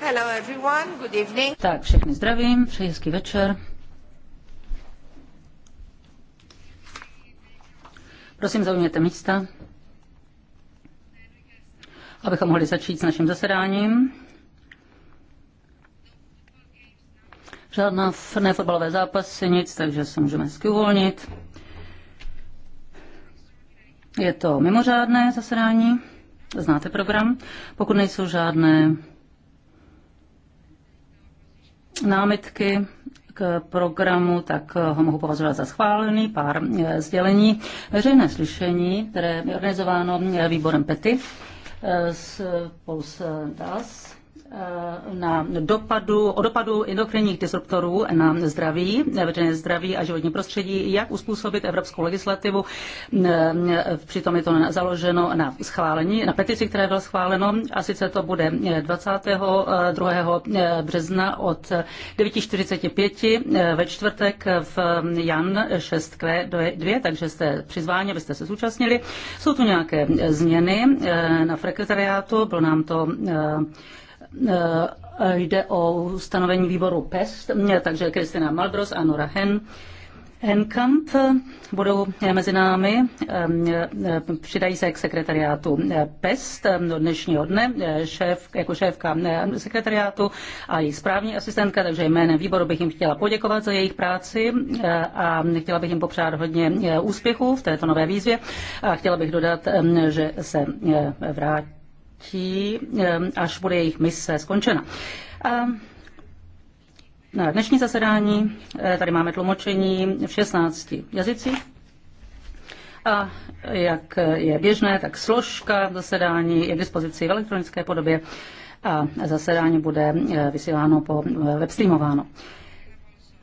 Hello everyone, good evening. Tak, všechny zdravím, přeji hezký večer. Prosím, zaujměte místa, abychom mohli začít s naším zasedáním. Žádná nefotbalové zápasy, nic, takže se můžeme hezky uvolnit. Je to mimořádné zasedání, znáte program. Pokud nejsou žádné námitky k programu, tak ho mohu považovat za schválený. Pár eh, sdělení. Veřejné slyšení, které je organizováno eh, výborem PETY spolu eh, s DAS Eh, na dopadu, o dopadu endokrinních disruptorů na zdraví, veřejné zdraví a životní prostředí, jak uspůsobit evropskou legislativu. Eh, přitom je to založeno na schválení, na petici, které bylo schváleno a sice to bude 22. Eh, března od 9.45 ve čtvrtek v Jan 6Q2, takže jste přizváni, abyste se zúčastnili. Jsou tu nějaké změny na frekretariátu, bylo nám to Eh, jde o ustanovení výboru PEST, takže Kristina Malbros a Nora Hen. Henkamp budou mezi námi, eh, přidají se k sekretariátu eh, PEST do dnešního dne, šéf, jako šéfka sekretariátu a její správní asistentka, takže jménem výboru bych jim chtěla poděkovat za jejich práci a chtěla bych jim popřát hodně úspěchů v této nové výzvě a chtěla bych dodat, že se vrátí platí, až bude jejich mise skončena. A na dnešní zasedání eh, tady máme tlumočení v 16 jazycích. A jak je běžné, tak složka zasedání je k dispozici v elektronické podobě a zasedání bude eh, vysíláno po eh, webstreamováno.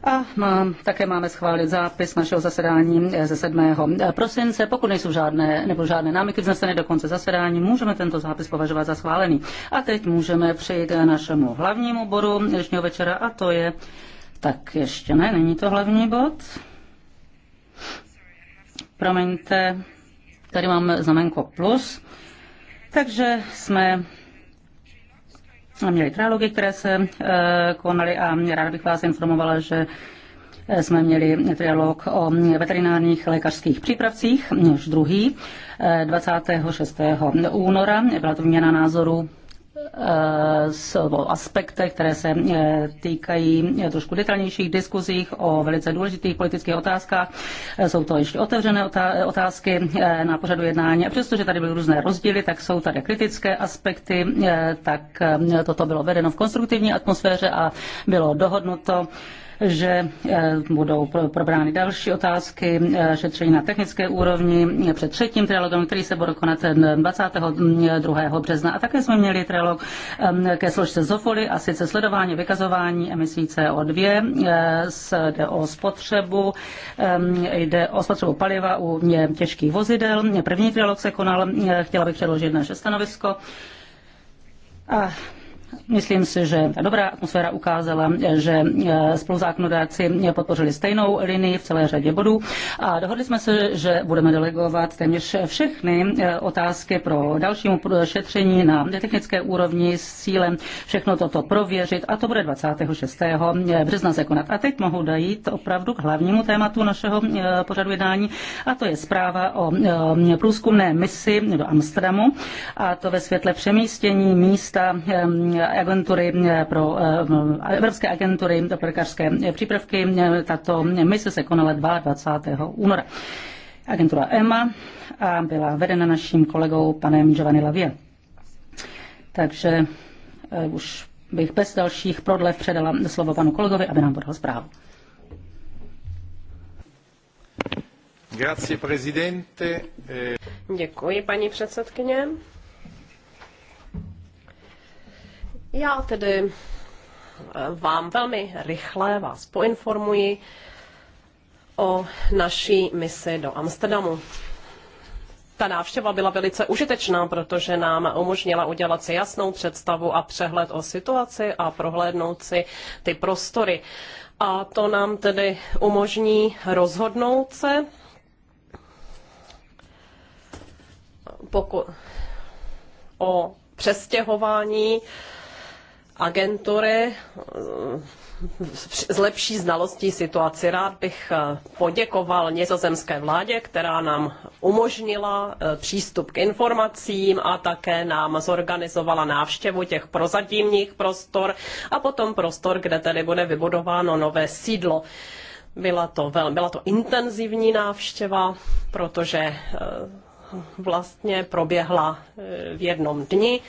A mám, také máme schválit zápis našeho zasedání eh, ze 7. Eh, prosince. Pokud nejsou žádné nebo žádné námitky vzneseny do konce zasedání, můžeme tento zápis považovat za schválený. A teď můžeme přejít k našemu hlavnímu bodu dnešního večera a to je, tak ještě ne, není to hlavní bod. Promiňte, tady máme znamenko plus. Takže jsme měli trálogy, které se eh, konaly a ráda bych vás informovala, že eh, jsme měli trialog o veterinárních lékařských přípravcích, už druhý, 26. Eh, února. Byla to výměna názorů Eh, o aspektech, které se eh, týkají eh, trošku detailnějších diskuzích o velice důležitých politických otázkách. Jsou to ještě otevřené otázky na pořadu jednání. A přestože tady byly různé rozdíly, tak jsou tady kritické aspekty, tak toto bylo vedeno v konstruktivní atmosféře a bylo dohodnuto, že eh, budou probrány další otázky, eh, šetření na technické úrovni před třetím trialogem, který se bude konat 22. Eh, března. A také jsme měli trialog ke složce Zofoly a sice sledování vykazování emisí CO2 jde o spotřebu, jde o spotřebu paliva u těžkých vozidel. První trialog se konal, chtěla bych předložit naše stanovisko. A Myslím si, že ta dobrá atmosféra ukázala, že e, spoluzákonodáci podpořili stejnou linii v celé řadě bodů a dohodli jsme se, že budeme delegovat téměř všechny e, otázky pro dalšímu šetření na technické úrovni s cílem všechno toto prověřit a to bude 26. března se konat. A teď mohu dojít opravdu k hlavnímu tématu našeho e, pořadu jednání a to je zpráva o průzkumné misi do Amsterdamu a to ve světle přemístění místa agentury eh, pro eh, eh, Evropské agentury pro lékařské přípravky. Tato mise se konala 22. února. Agentura EMA a byla vedena naším kolegou panem Giovanni Lavia. Takže už bych bez dalších prodlev předala slovo panu kolegovi, aby nám podal zprávu. Děkuji, paní předsedkyně. Já tedy eh, vám velmi rychle vás poinformuji o naší misi do Amsterdamu. Ta návštěva byla velice užitečná, protože nám umožnila udělat si jasnou představu a přehled o situaci a prohlédnout si ty prostory. A to nám tedy umožní rozhodnout se, pokud o přestěhování agentury zlepší znalostí situaci. Rád bych eh, poděkoval nizozemské vládě, která nám umožnila eh, přístup k informacím a také nám zorganizovala návštěvu těch prozatímních prostor a potom prostor, kde tedy bude vybudováno nové sídlo. Byla to, vel, byla to intenzivní návštěva, protože eh, vlastně proběhla v jednom dni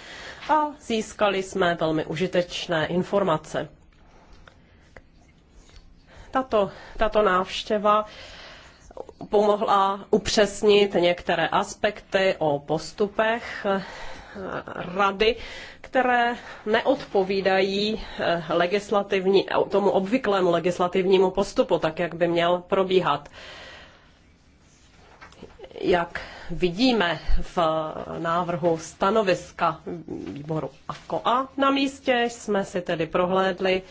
a získali jsme velmi užitečné informace. Tato, tato návštěva pomohla upřesnit některé aspekty o postupech rady, které neodpovídají eh, legislativní, tomu obvyklému legislativnímu postupu, tak jak by měl probíhat jak vidíme v návrhu stanoviska výboru AKO a na místě jsme si tedy prohlédli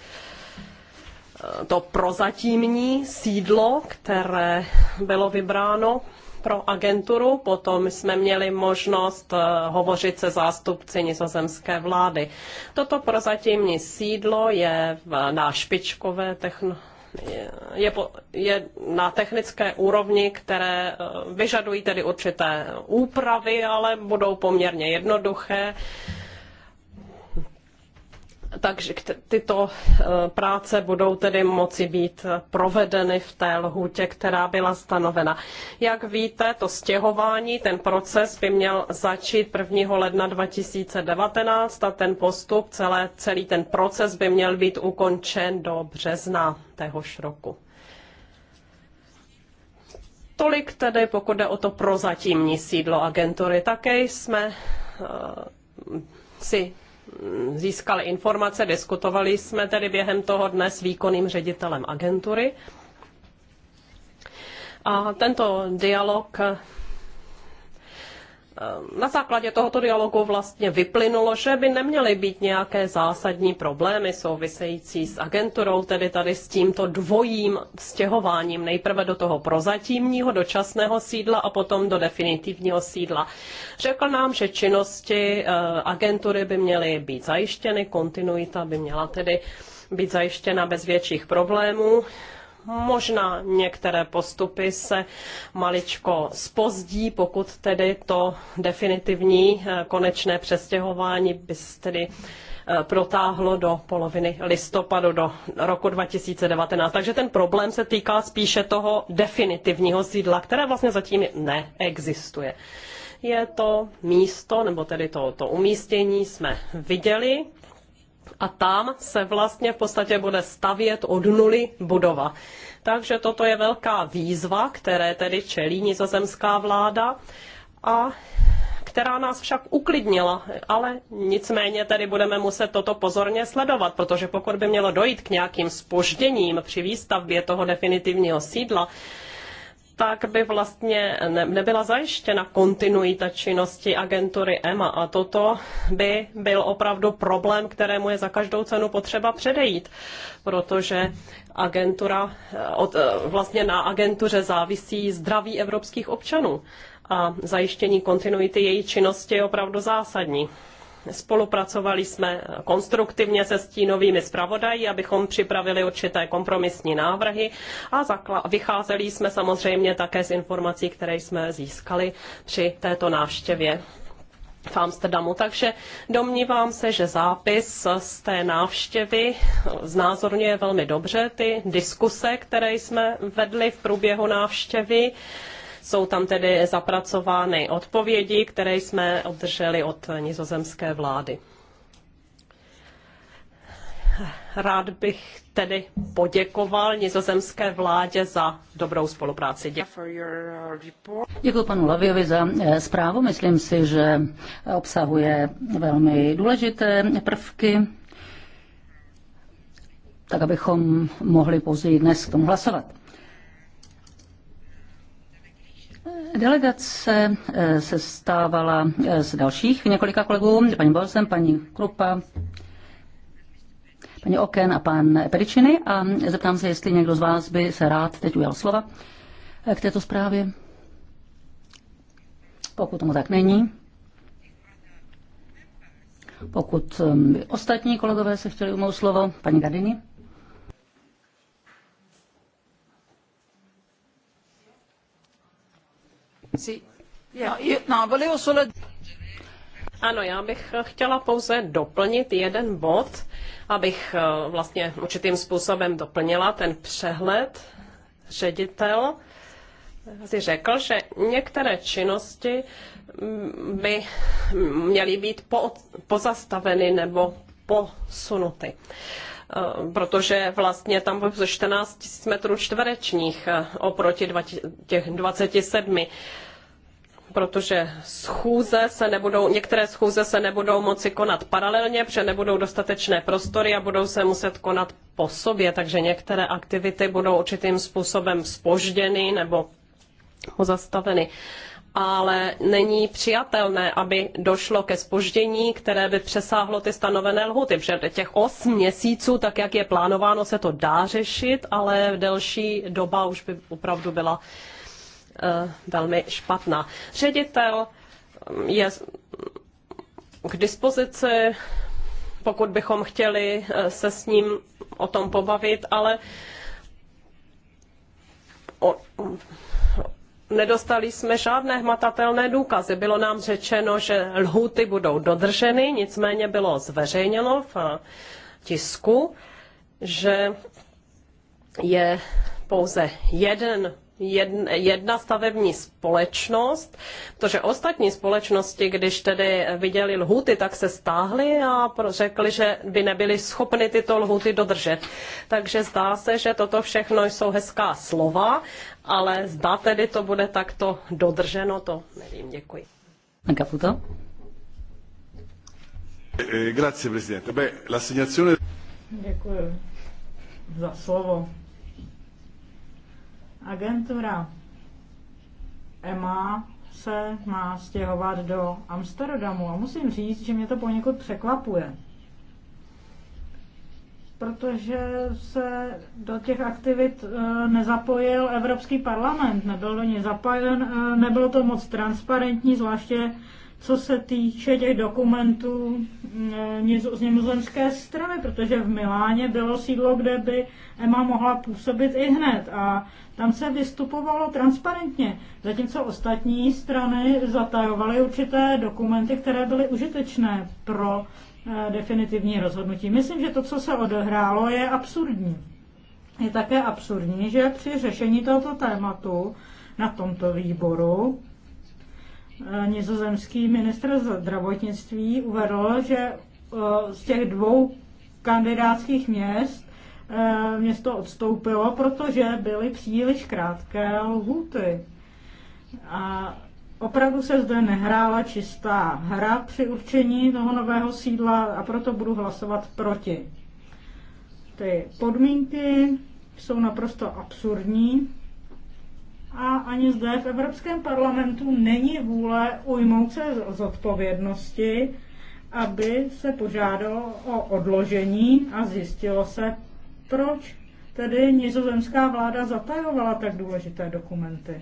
eh, to prozatímní sídlo, které bylo vybráno pro agenturu. Potom jsme měli možnost eh, hovořit se zástupci nizozemské vlády. Toto prozatímní sídlo je na špičkové technologie je, je na technické úrovni, které eh, vyžadují tedy určité úpravy, ale budou poměrně jednoduché. Uh, takže tyto eh, práce budou tedy moci být eh, provedeny v té lhůtě, která byla stanovena. Jak víte, to stěhování, ten proces by měl začít 1. ledna 2019 a ten postup, celé, celý ten proces by měl být ukončen do března téhož roku. Tolik tedy, pokud jde o to prozatímní sídlo agentury. Také jsme eh, si získali informace, diskutovali jsme tedy během toho dne s výkonným ředitelem agentury. A tento dialog Eh, na základě tohoto dialogu vlastně vyplynulo, že by neměly být nějaké zásadní problémy související s agenturou, tedy tady s tímto dvojím stěhováním nejprve do toho prozatímního dočasného sídla a potom do definitivního sídla. Řekl nám, že činnosti eh, agentury by měly být zajištěny, kontinuita by měla tedy být zajištěna bez větších problémů Možná některé postupy se maličko spozdí, pokud tedy to definitivní eh, konečné přestěhování by tedy eh, protáhlo do poloviny listopadu do roku 2019. Takže ten problém se týká spíše toho definitivního sídla, které vlastně zatím neexistuje. Je to místo, nebo tedy to, to umístění jsme viděli, a tam se vlastně v podstatě bude stavět od nuly budova. Takže toto je velká výzva, které tedy čelí nizozemská vláda a která nás však uklidnila, ale nicméně tedy budeme muset toto pozorně sledovat, protože pokud by mělo dojít k nějakým spožděním při výstavbě toho definitivního sídla, tak by vlastně nebyla zajištěna kontinuita činnosti agentury EMA a toto by byl opravdu problém, kterému je za každou cenu potřeba předejít, protože agentura, eh, od, eh, vlastně na agentuře závisí zdraví evropských občanů a zajištění kontinuity její činnosti je opravdu zásadní. Spolupracovali jsme konstruktivně se stínovými zpravodaji, abychom připravili určité kompromisní návrhy a vycházeli jsme samozřejmě také z informací, které jsme získali při této návštěvě v Amsterdamu. Takže domnívám se, že zápis z té návštěvy znázorňuje velmi dobře ty diskuse, které jsme vedli v průběhu návštěvy jsou tam tedy zapracovány odpovědi, které jsme obdrželi od nizozemské vlády. Rád bych tedy poděkoval nizozemské vládě za dobrou spolupráci. Uh, Děkuji, panu Laviovi za eh, zprávu. Myslím si, že obsahuje velmi důležité prvky, tak abychom mohli později dnes k tomu hlasovat. Delegace eh, se stávala eh, z dalších několika kolegů, paní Bolsem, paní Krupa, paní Oken a pan Peričiny a zeptám se, jestli někdo z vás by se rád teď ujal slova eh, k této zprávě. Pokud tomu tak není, pokud ehm, ostatní kolegové se chtěli umout slovo, paní Gardini. No, no, ano, já bych chtěla pouze doplnit jeden bod, abych eh, vlastně určitým způsobem doplnila ten přehled. Ředitel si řekl, že některé činnosti mm, by měly být pozastaveny nebo posunuty. Eh, protože vlastně tam bylo 14 000 metrů čtverečních eh, oproti těch 27 protože schůze se nebudou, některé schůze se nebudou moci konat paralelně, protože nebudou dostatečné prostory a budou se muset konat po sobě, takže některé aktivity budou určitým způsobem spožděny nebo pozastaveny. Uh, ale není přijatelné, aby došlo ke spoždění, které by přesáhlo ty stanovené lhuty, protože těch 8 měsíců, tak jak je plánováno, se to dá řešit, ale delší doba už by opravdu byla uh, velmi špatná. Ředitel mm, je k dispozici, pokud bychom chtěli eh, se s ním o tom pobavit, ale o, nedostali jsme žádné hmatatelné důkazy. Bylo nám řečeno, že lhuty budou dodrženy, nicméně bylo zveřejněno v tisku, že je pouze jeden jedna stavební společnost, protože ostatní společnosti, když tedy viděli lhuty, tak se stáhly a řekli, že by nebyli schopni tyto lhuty dodržet. Takže zdá se, že toto všechno jsou hezká slova, ale zda tedy to bude takto dodrženo, to nevím, děkuji. Kaputo? Eh, grazie, presidente. Beh, l'assegnazione... Děkuji za slovo. Agentura EMA se má stěhovat do Amsterdamu a musím říct, že mě to poněkud překvapuje. Protože se do těch aktivit e, nezapojil Evropský parlament, nebyl do něj zapojen, e, nebylo to moc transparentní, zvláště co se týče těch dokumentů mm, eh, z nimozemské strany, protože v Miláně bylo sídlo, kde by EMA mohla působit i hned a tam se vystupovalo transparentně, zatímco ostatní strany zatajovaly určité dokumenty, které byly užitečné pro eh, definitivní rozhodnutí. Myslím, že to, co se odehrálo, je absurdní. Je také absurdní, že při řešení tohoto tématu na tomto výboru Eh, nizozemský ministr zdravotnictví uvedl, že eh, z těch dvou kandidátských měst eh, město odstoupilo, protože byly příliš krátké lhuty. A opravdu se zde nehrála čistá hra při určení toho nového sídla a proto budu hlasovat proti. Ty podmínky jsou naprosto absurdní, a ani zde v Evropském parlamentu není vůle ujmout se z odpovědnosti, aby se požádalo o odložení a zjistilo se, proč tedy nizozemská vláda zatajovala tak důležité dokumenty.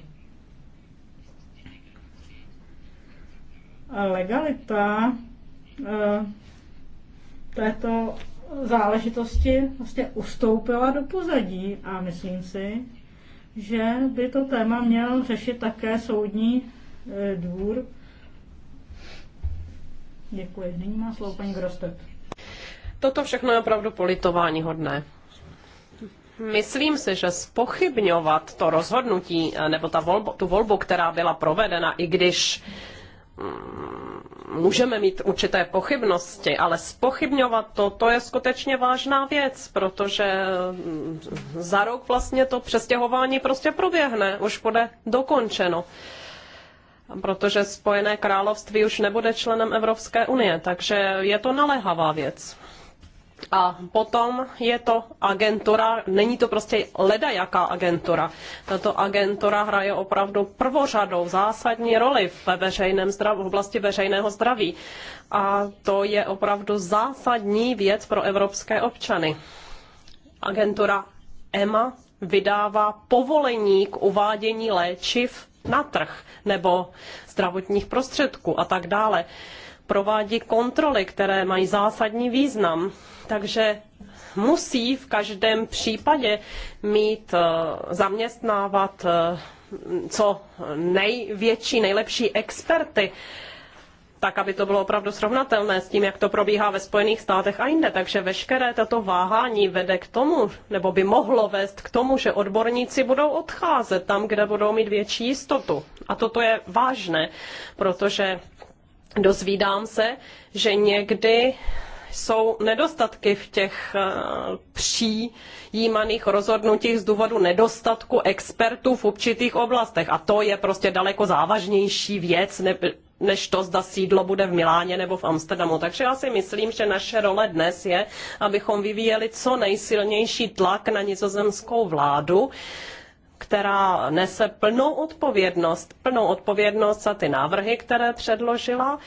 Legalita eh, této záležitosti vlastně ustoupila do pozadí a myslím si, že by to téma měl řešit také soudní e, dvůr. Děkuji. Nyní má slovo paní Grostet. Toto všechno je opravdu politování hodné. Myslím si, že spochybňovat to rozhodnutí e, nebo ta volbu, tu volbu, která byla provedena, i když Mm, můžeme mít určité pochybnosti, ale spochybňovat to, to je skutečně vážná věc, protože mm, za rok vlastně to přestěhování prostě proběhne, už bude dokončeno. Protože Spojené království už nebude členem Evropské unie, takže je to naléhavá věc. A potom je to agentura, není to prostě ledajaká agentura. Tato agentura hraje opravdu prvořadou zásadní roli ve veřejném zdraví v oblasti veřejného zdraví. A to je opravdu zásadní věc pro evropské občany. Agentura EMA vydává povolení k uvádění léčiv na trh nebo zdravotních prostředků a tak dále provádí kontroly, které mají zásadní význam. Takže musí v každém případě mít, eh, zaměstnávat eh, co největší, nejlepší experty, tak aby to bylo opravdu srovnatelné s tím, jak to probíhá ve Spojených státech a jinde. Takže veškeré toto váhání vede k tomu, nebo by mohlo vést k tomu, že odborníci budou odcházet tam, kde budou mít větší jistotu. A toto je vážné, protože dozvídám se, že někdy jsou nedostatky v těch eh, přijímaných rozhodnutích z důvodu nedostatku expertů v určitých oblastech. A to je prostě daleko závažnější věc, než to, zda sídlo bude v Miláně nebo v Amsterdamu. Takže já si myslím, že naše role dnes je, abychom vyvíjeli co nejsilnější tlak na nizozemskou vládu, která nese plnou odpovědnost, plnou odpovědnost za ty návrhy, které předložila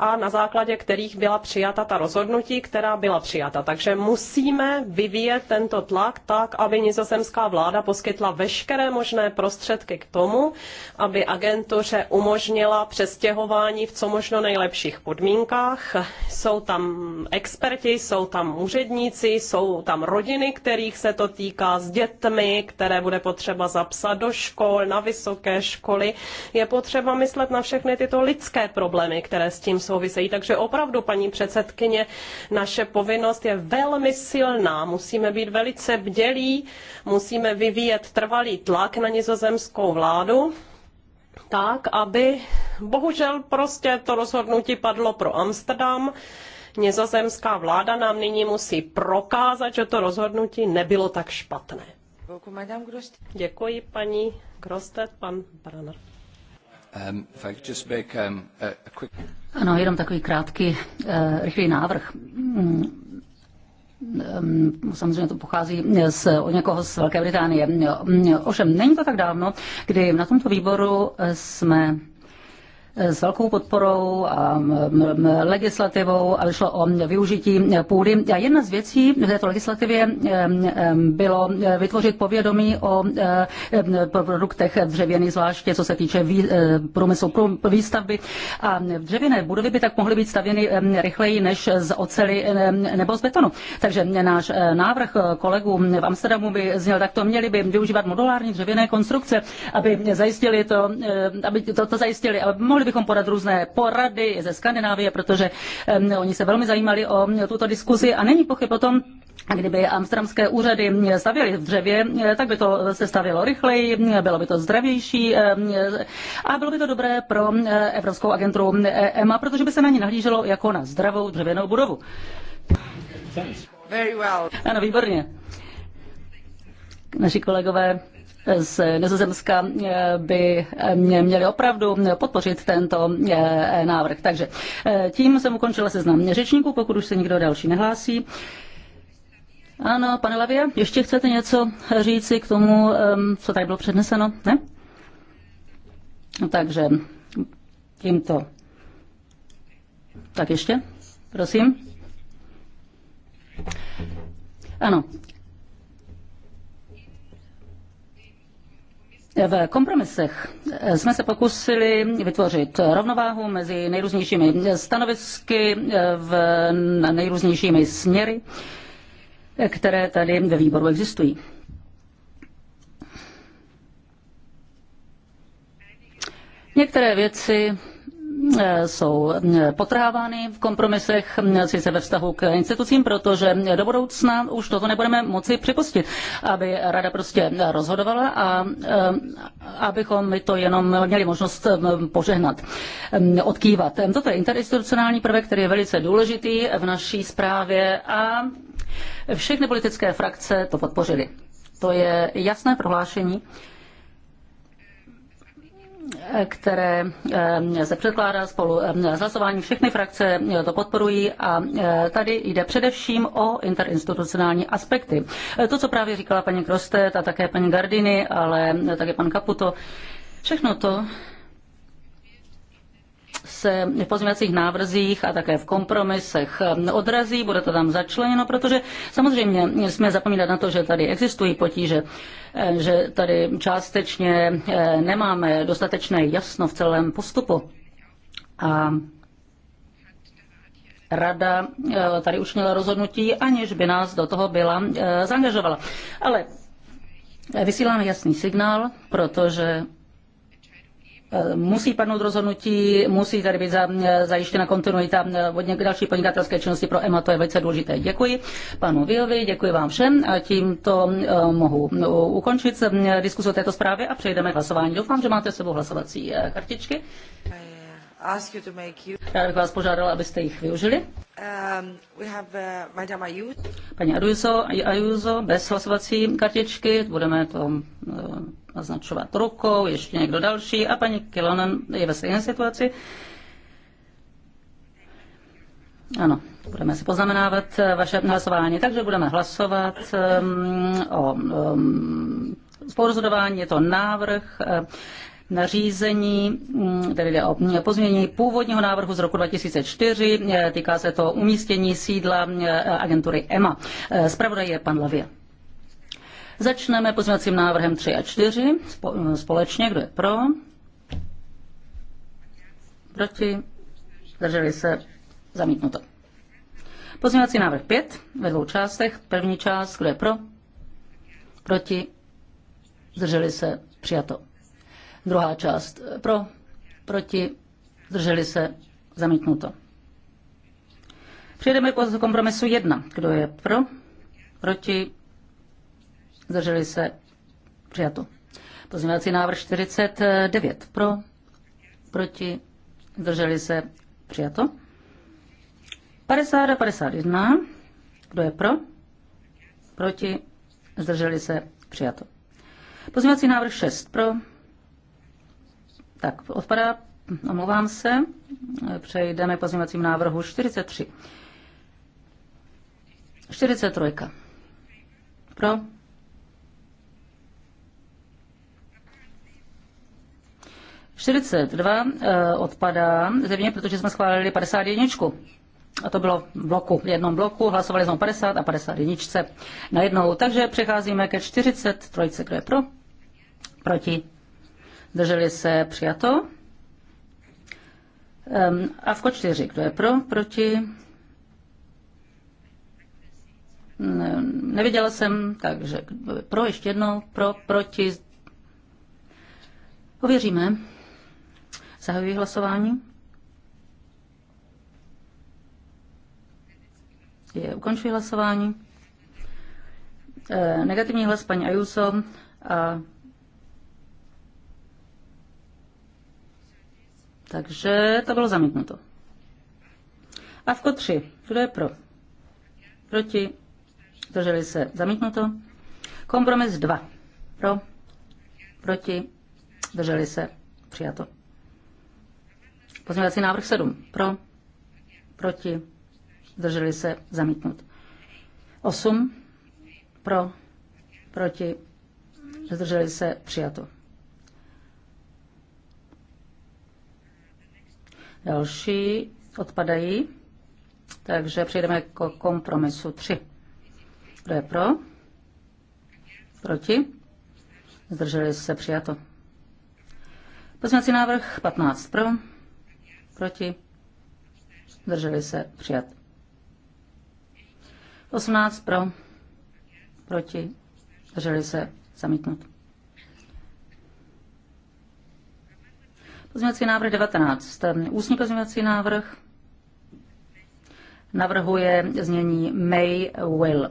a na základě kterých byla přijata ta rozhodnutí, která byla přijata. Takže musíme vyvíjet tento tlak tak, aby nizozemská vláda poskytla veškeré možné prostředky k tomu, aby agentuře umožnila přestěhování v co možno nejlepších podmínkách. Jsou tam experti, jsou tam úředníci, jsou tam rodiny, kterých se to týká s dětmi, které bude potřeba zapsat do škol, na vysoké školy. Je potřeba myslet na všechny tyto lidské problémy, které s tím souvisejí. Takže opravdu, paní předsedkyně, naše povinnost je velmi silná. Musíme být velice bdělí, musíme vyvíjet trvalý tlak na nizozemskou vládu, tak, aby bohužel prostě to rozhodnutí padlo pro Amsterdam. Nizozemská vláda nám nyní musí prokázat, že to rozhodnutí nebylo tak špatné. Děkuji paní Grostet, pan Branner. Um, um, ano, jenom takový krátký, eh, rychlý návrh. Mm, mm, mm, samozřejmě to pochází z, od někoho z Velké Británie. Ovšem, není to tak dávno, kdy na tomto výboru jsme s velkou podporou a legislativou, ale šlo o využití půdy. A jedna z věcí v této legislativě bylo eh, vytvořit povědomí o eh, produktech dřevěných, zvláště co se týče eh, průmyslu výstavby. A dřevěné budovy by tak mohly být stavěny rychleji než z ocely nebo z betonu. Takže náš návrh kolegů v Amsterdamu by zněl takto, měli by využívat modulární dřevěné konstrukce, aby zajistili to, aby to, to zajistili, aby mohli mohli bychom podat různé porady ze Skandinávie, protože oni se velmi zajímali o tuto diskuzi a není pochyb o tom, a kdyby amsterdamské úřady stavěly v dřevě, eh, tak by to se stavělo rychleji, eh, bylo by to zdravější eh, a bylo by to dobré pro Evropskou agenturu EMA, protože by se na ní nahlíželo jako na zdravou dřevěnou budovu. Ano, výborně. Naši kolegové z Nizozemska eh, by měli opravdu podpořit tento eh, návrh. Takže eh, tím jsem ukončila seznam řečníků, pokud už se nikdo další nehlásí. Ano, pane Lavia, ještě chcete něco říci k tomu, ehm, co tady bylo předneseno? Ne? No, takže tímto. Tak ještě, prosím. Ano, V kompromisech jsme se pokusili vytvořit rovnováhu mezi nejrůznějšími stanovisky eh, v nejrůznějšími směry, které tady ve výboru existují. Některé věci Eh, jsou eh, potrhávány v kompromisech, eh, sice ve vztahu k institucím, protože do budoucna už toto nebudeme moci připustit, aby rada prostě rozhodovala a abychom my to jenom měli možnost požehnat, odkývat. Toto je interinstitucionální prvek, který je velice důležitý v naší zprávě a všechny politické frakce to podpořily. To je jasné prohlášení, které eh, se předkládá spolu eh, s hlasováním. Všechny frakce eh, to podporují a tady jde především o interinstitucionální aspekty. To, co právě říkala paní Krostet a také paní Gardiny, ale také pan Kaputo, všechno to se v pozměňovacích návrzích a také v kompromisech odrazí, bude to tam začleněno, protože samozřejmě jsme zapomínat na to, že tady existují potíže, že tady částečně eh, nemáme dostatečné jasno v celém postupu. A rada eh, tady učinila rozhodnutí, aniž by nás do toho byla eh, zaangažovala. Ale vysíláme jasný signál, protože Eh, musí padnout rozhodnutí, musí tady být zajištěna kontinuita eh, od další podnikatelské činnosti pro EMA, to je velice důležité. Děkuji panu Viovi, děkuji vám všem a tímto eh, mohu ukončit diskusi o této zprávě a přejdeme k hlasování. Doufám, že máte s sebou hlasovací kartičky. Já bych vás požádala, abyste jich využili. Um, uh, paní Ayuso, Ayuso, bez hlasovací kartičky, budeme to označovat uh, naznačovat rukou, ještě někdo další a paní Kilonen je ve stejné situaci. Ano, budeme si poznamenávat uh, vaše hlasování, takže budeme hlasovat um, o um, spolurozhodování, je to návrh. Uh, nařízení, mm, tedy jde o pozměnění původního návrhu z roku 2004, týká se to umístění sídla agentury EMA. E, zpravodaj je pan Lavě. Začneme pozměňovacím návrhem 3 a 4 společně. Kdo je pro? Proti? Zdrželi se? Zamítnuto. Pozměňovací návrh 5 ve dvou částech. První část, kdo je pro? Proti? Zdrželi se? Přijato. Druhá část eh, pro, proti, zdrželi se, zamítnuto. Přejdeme k kompromisu 1. Kdo je pro, proti, zdrželi se, přijato. Pozměňovací návrh 49 pro, proti, zdrželi se, přijato. 50 a 51. Kdo je pro? Proti? Zdrželi se? Přijato. Pozměňovací návrh 6. Pro? Tak, odpadá, omlouvám se, přejdeme k pozměňovacím návrhu 43. 43. Pro? Čtyřicet dva eh, odpadá zevně, protože jsme schválili 51. A to bylo v bloku, v jednom bloku, hlasovali jsme 50 a 51 jednou. Takže přecházíme ke 43. Kdo je pro? Proti? Drželi se přijato. A v 4, kdo je pro, proti? Neviděla jsem, takže pro ještě jednou, pro, proti. Ověříme. Zahajuji hlasování. Je, ukončuji hlasování. E, negativní hlas paní Ajuso a Takže to bylo zamítnuto. A v 3. Kdo je pro? Proti? Zdrželi se. Zamítnuto. Kompromis 2. Pro? Proti? Zdrželi se. Přijato. Pozměňovací návrh 7. Pro? Proti? Zdrželi se. Zamítnut. 8. Pro? Proti? Zdrželi se. Přijato. Další odpadají, takže přejdeme k kompromisu 3. Kdo je pro? Proti? Zdrželi se přijato. Pozměňovací návrh 15 pro, proti, zdrželi se přijat. 18 pro, proti, zdrželi se zamítnut. Pozměňovací návrh 19. Ústní pozměňovací návrh navrhuje znění may will.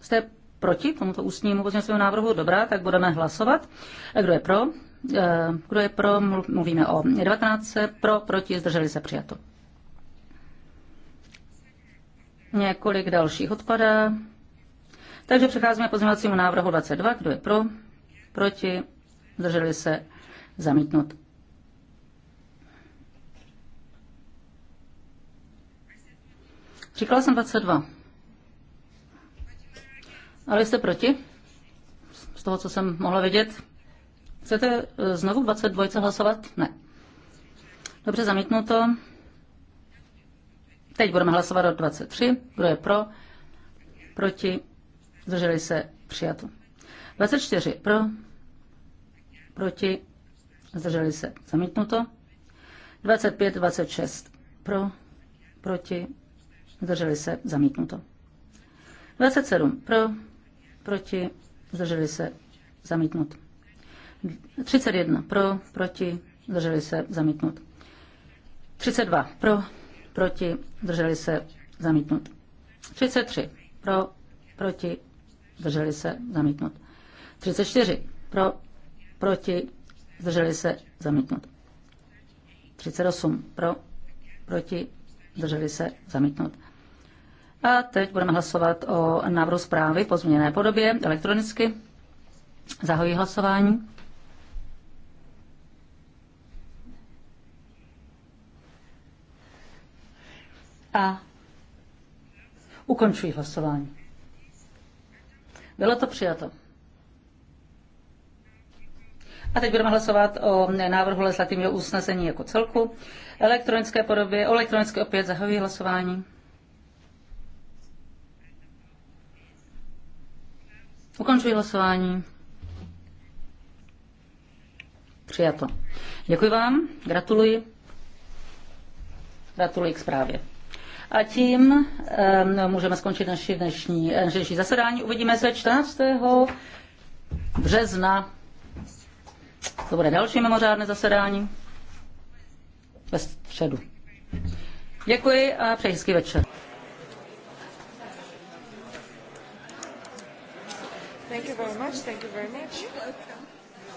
Jste proti tomuto ústnímu pozměňovacímu návrhu? Dobrá, tak budeme hlasovat. Kdo je pro? Eh, kdo je pro? Mluvíme o 19. Pro, proti, zdrželi se přijato. Několik dalších odpadá. Takže přecházíme k pozměňovacímu návrhu 22. Kdo je pro? Proti? Zdrželi se Zamítnut. Říkala jsem 22. Ale jste proti? Z toho, co jsem mohla vidět, Chcete eh, znovu 22 hlasovat? Ne. Dobře, zamítnuto. Teď budeme hlasovat o 23. Kdo je pro? Proti? Zdrželi se? Přijato. 24. Pro? Proti? zdrželi se zamítnuto. 25, 26 pro, proti, zdrželi se zamítnuto. 27 pro, proti, zdrželi se zamítnut. 31 pro, proti, zdrželi se zamítnut. 32 pro, proti, zdrželi se zamítnut. 33 pro, proti, zdrželi se zamítnut. 34 pro, proti, zdrželi se, zamítnout. 38 pro, proti, zdrželi se, zamítnout A teď budeme hlasovat o návrhu zprávy po změněné podobě elektronicky. Zahojí hlasování. A ukončuji hlasování. Bylo to přijato. A teď budeme hlasovat o návrhu legislativního usnesení jako celku. Elektronické podobě, o elektronické opět zahajuji hlasování. Ukončuji hlasování. Přijato. Děkuji vám, gratuluji. Gratuluji k zprávě. A tím um, můžeme skončit eh, naše dnešní, dnešní zasedání. Uvidíme se 14. března. To bude další mimořádné zasedání ve středu. Děkuji a přeji hezký večer. Thank you very much. Thank you very much.